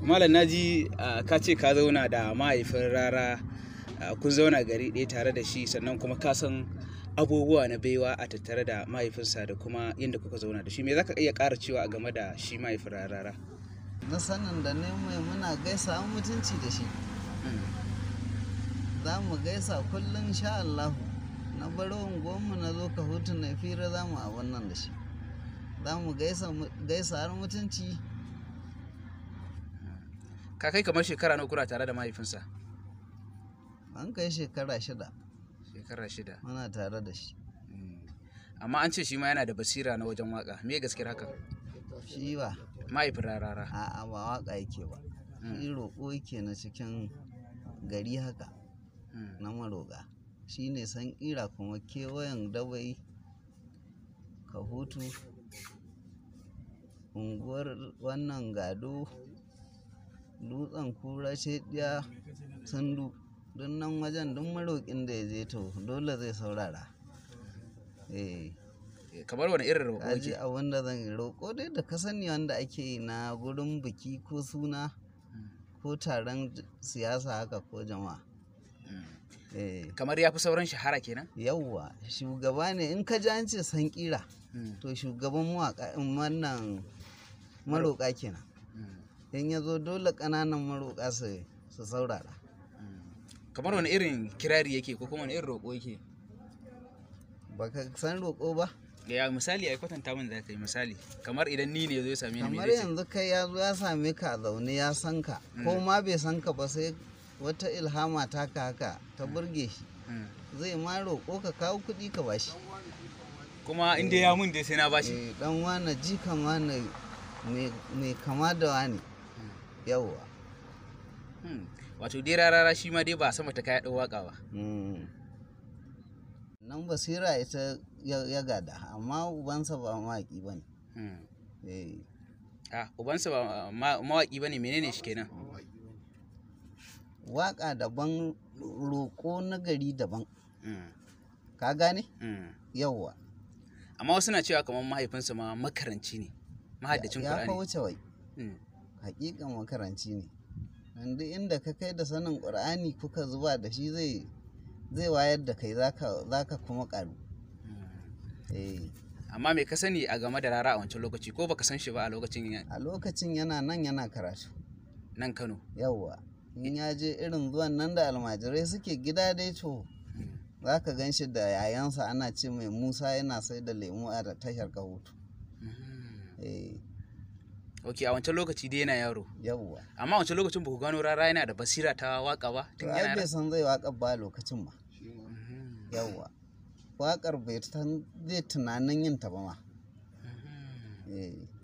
malam naji ka ce ka zauna da mahaifin rara kun zauna gari ɗaya tare da shi sannan kuma ka san abubuwa na baiwa a tattare da mahaifinsa da kuma inda kuka zauna da shi me zaka iya ƙara cewa game da shi mahaifin rara na sanin da ne mai muna gaisa an mutunci da shi hmm. za mu gaisa kullum sha Allahu na baro unguwanmu na zo ka hutu na fira za mu a wannan da shi za mu gaisa har mutunci ka kai kamar shekara na kura tare da mahaifinsa an kai shekara shida shekara shida muna tare da shi hmm. amma an ce shi ma yana da basira na wajen waka me gaskiyar haka shi ba mahaifin rarara a'a ba waka yake ba hmm. shi roƙo yake na cikin gari haka hmm. na maroga shi ne san ƙira kuma kewayen dabai ka hutu unguwar wannan gado dutsen kura shediya sandu don nan wajen don maroƙin da ya je to dole zai saurara eh. Eh, kamar wani irin roƙo ake a wanda zan yi roƙo dai da ka sani wanda ake yi na gurin biki ko suna ko taron siyasa haka ko jama'a hmm. eh. kamar ya fi sauran shahara kenan yauwa shugaba ne in ka ji an ce san kira hmm. to shugaban mawaƙa wannan maroƙa kenan hmm. in ya zo dole ƙananan maroƙa su saurara kamar wani irin kirari yake ko kuma wani irin roƙo yake ba ka san roƙo ba ya misali a kwatanta min da yi misali kamar idan ni ne ya zo ya same ni kamar yanzu kai ya zo ya same ka zaune ya san ka mm. ko ma bai san ka ba sai wata ilhama ta ka haka ta mm. burge shi mm. zai ma roƙo ka kawo kuɗi ka bashi kuma inda ya mun dai sai na bashi dan eh, wane jikan wane mai kama da wani yawwa hmm. wato dai rarara shi ma dai ba sama ta kaya ɗau waka ba hmm. nan basira ita ya gada amma ubansa ba mawaƙi ba ne hmm. eh. ah, ubansa ba mawaƙi ba ne menene shi kenan waƙa daban roƙo na gari daban ka gane yawwa amma wasu na cewa kamar mahaifinsa ma makaranci ne mahaddacin ƙwarani ya fa wuce wai haƙiƙan makaranci ne don duk inda ka kai da sanin ƙur'ani kuka zuba da shi zai zai wayar da kai za ka kuma ƙaru hmm. eh. amma me ka sani a game da rara a wancan lokaci ko baka san shi ba a lokacin a lokacin yana nan yana karatu nan kano yawwa in ya je irin zuwan nan da almajirai suke gida dai to hmm. za ka gan shi da yayansa ana ce mai musa yana sai da lemu a tashar kahutu hmm. eh. ok a wancan lokaci dai yana yaro yawwa amma wancan lokacin ba ku gano rara yana da basira ta waka ba tun yana bai san zai waka ba lokacin ba yawwa wakar bai tunanin yin ta ba ma mhm. eh.